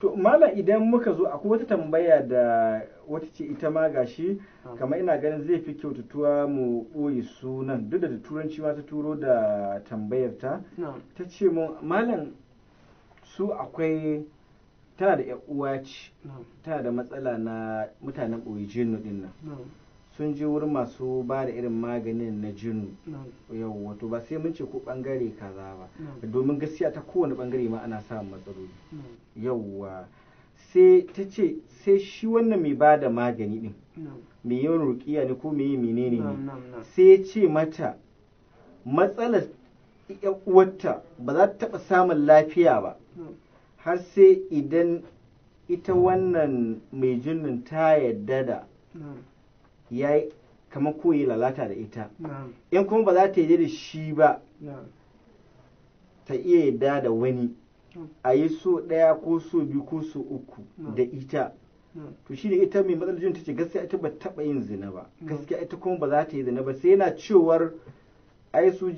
To mala idan muka zo akwai wata tambaya da wata ce ita ma gashi ah. kamar ina ganin zai fi kyautatuwa mu ɓoye sunan duk da turanci ma ta turo da tambayar ta ta ce mu, malam su akwai tana da uwa ce tana da matsala na mutanen ɓoye jinnu ɗin nan sun je wurin masu ba da irin maganin na jinu yau wato ba sai mun ce ko bangare kaza ba domin gaskiya ta kowane bangare ma ana samun matsaloli yauwa sai ta ce sai shi wannan mai ba da magani din mai yin rukiya ne ko mai yi menene ne sai ya ce mata matsalar uwarta ba za ta taɓa samun lafiya ba har sai idan ita wannan mai jinnin ta yadda da ya yi kamar koyi lalata da ita in kuma ba za ta yi da shi ba ta iya yadda da wani a yi so ɗaya ko so biyu ko so uku da ita to shi ne ita mai matsalar jin ta ce gaskiya ita ba taɓa yin zina ba gaskiya ita kuma ba za ta yi zina ba sai yana cewar ai su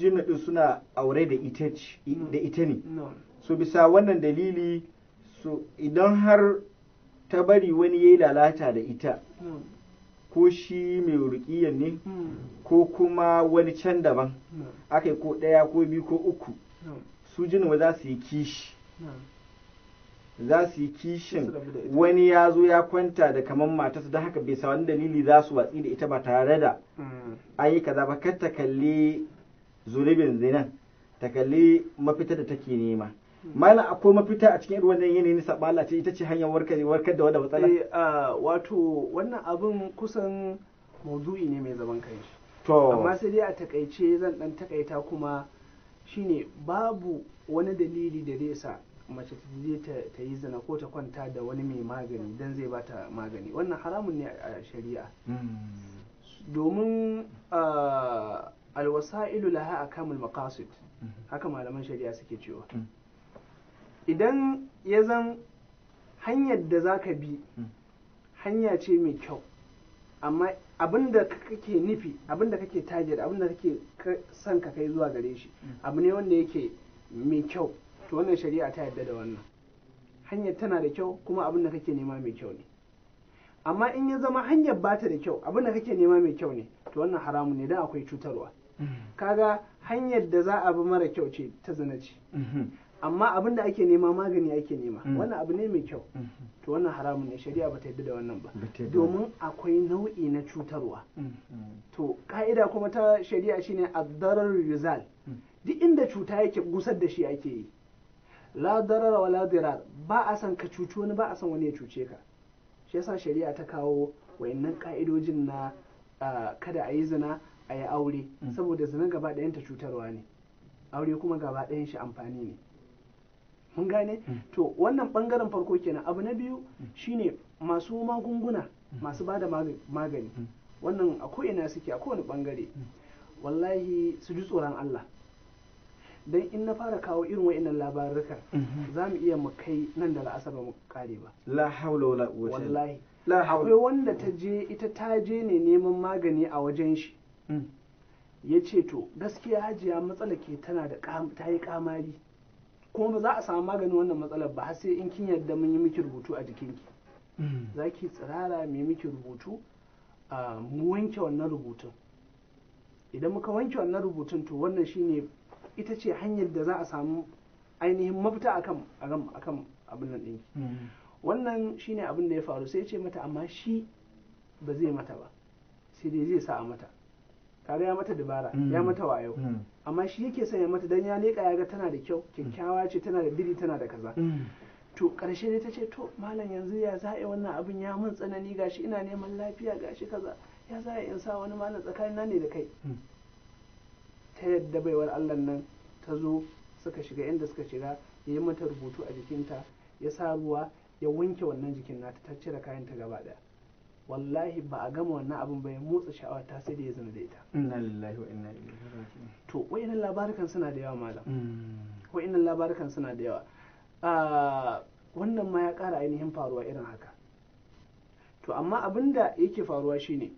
suna aure da ita ne so bisa wannan dalili so idan har ta bari wani ya yi lalata da ita ko shi mai ruƙiyan ne hmm. ko kuma wani can daban hmm. aka yi ko ɗaya ko biyu ko uku hmm. su wa za su yi kishi za su yi kishin wani ya zo ya kwanta da kamar matarsa don haka bai wani dalili za su watsi da ita ba tare da ayyuka za ba kar ta kalli zunubin zinan ta kalli mafita da take nema malam akwai mafita a cikin wannan yanayin nisa bala ce ita ce hanyar warkar da wadda matsala eh, wato wannan abin kusan maudu'i ne mai zaman kai to amma sai dai a takaice zan dan takaita kuma shine babu wani dalili da zai sa mace ta je ta yi zina ko ta kwanta da wani mai magani dan zai bata magani wannan haramun ne a shari'a hmm. domin alwasa'ilu laha akamul maqasid hmm. haka malaman shari'a suke cewa hmm. idan ya zan hanyar da za ka bi hmm. hanya ce mai kyau amma abin da kake nufi abin da kake target abin da kake son ka kai zuwa gare shi hmm. abu ne wanda yake mai kyau to wannan shari'a ta yadda da wannan hanyar tana da kyau kuma abin da kake nema mai kyau ne amma in ya zama hanyar ba ta da kyau abin da kake nema mai kyau ne to wannan haramun ne dan akwai cutarwa hmm. kaga hanyar da za a bi mara kyau ce ta zina ce amma abin da ake nema magani ake nema mm. wannan abu ne mai kyau mm-hmm. to wannan haramun ne shari'a ba ta yadda da wannan ba domin akwai nau'i na cutarwa mm-hmm. to ka'ida kuma ta shari'a shine addarar yuzal mm. duk inda cuta yake gusar da shi ake yi la darara wa la ba a san ka cuci wani ba a san wani ya cuce ka shi yasa shari'a ta kawo wayannan ka'idojin na kada a yi zina a yi aure mm. saboda zina gaba ɗayan ta cutarwa ne aure kuma gaba ɗayan shi amfani ne mun gane mm. to wannan bangaren farko kenan abu na biyu mm. shine masu magunguna mm. masu bada magani wannan a ko'ina suke a kowane bangare wallahi su ji tsoron Allah dan in na fara kawo irin wa'annan labarukan mm-hmm. za mu iya mu kai nan da la'asar mu kare ba la haula wala quwwata wallahi akwai wanda ta je ita ta je ne neman magani a wajen shi ya ce to gaskiya hajiya matsala ke tana da ta yi kamari kuma ba za a samu maganin wannan matsalar ba har sai in kin yarda mun yi miki rubutu a jikinki mm. za ki tsirara mu yi miki rubutu a ah, mu wanke wannan rubutun idan muka wanke wannan rubutun to wannan shine ita ce hanyar da za a samu ainihin mafita akan akan abin nan ɗinki mm. wannan shine abin da ya faru sai ya ce mata amma shi ba zai mata ba sai dai zai sa a mata kaga ya mata dabara mm. ya mata wayo mm. amma shi yake son ya mata dan ya leka ya ga tana da kyau mm. kyakkyawa ce tana da biri tana da kaza to karshe ne ta ce to malam yanzu ya za a wannan abin ya mun tsanani gashi ina neman lafiya gashi kaza ya za a in sa wani malam tsakanin na ne da kai ta yadda baiwar Allah nan ta zo suka shiga inda suka shiga ya yi mata rubutu a jikinta ya sa ruwa ya wanke wannan jikin nata ta cire kayan ta gaba daya wallahi ba a gama wannan abin bai motsa sha'awa ta sai da ya zama da ita inna lillahi wa inna ilaihi raji'un to wayannan labarukan suna da yawa malam mm. wayannan labarukan suna da yawa ah, wannan ma ya ƙara ainihin faruwa irin haka to amma abin da yake faruwa shine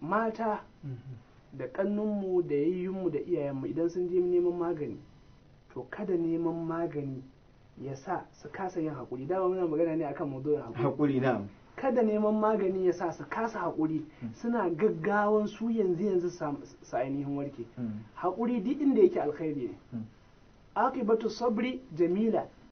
mata mm-hmm. da ƙannunmu da yayyunmu da iyayenmu idan sun je neman magani to kada neman magani ya sa su kasa yin haƙuri dama muna magana ne akan maudu'in haƙuri haƙuri kada neman magani ya sa su kasa haƙuri hmm. suna gaggawan su yanzu yanzu sa ainihin warke hmm. haƙuri duk inda yake alkhairi ne hmm. aqibatu sabri jamila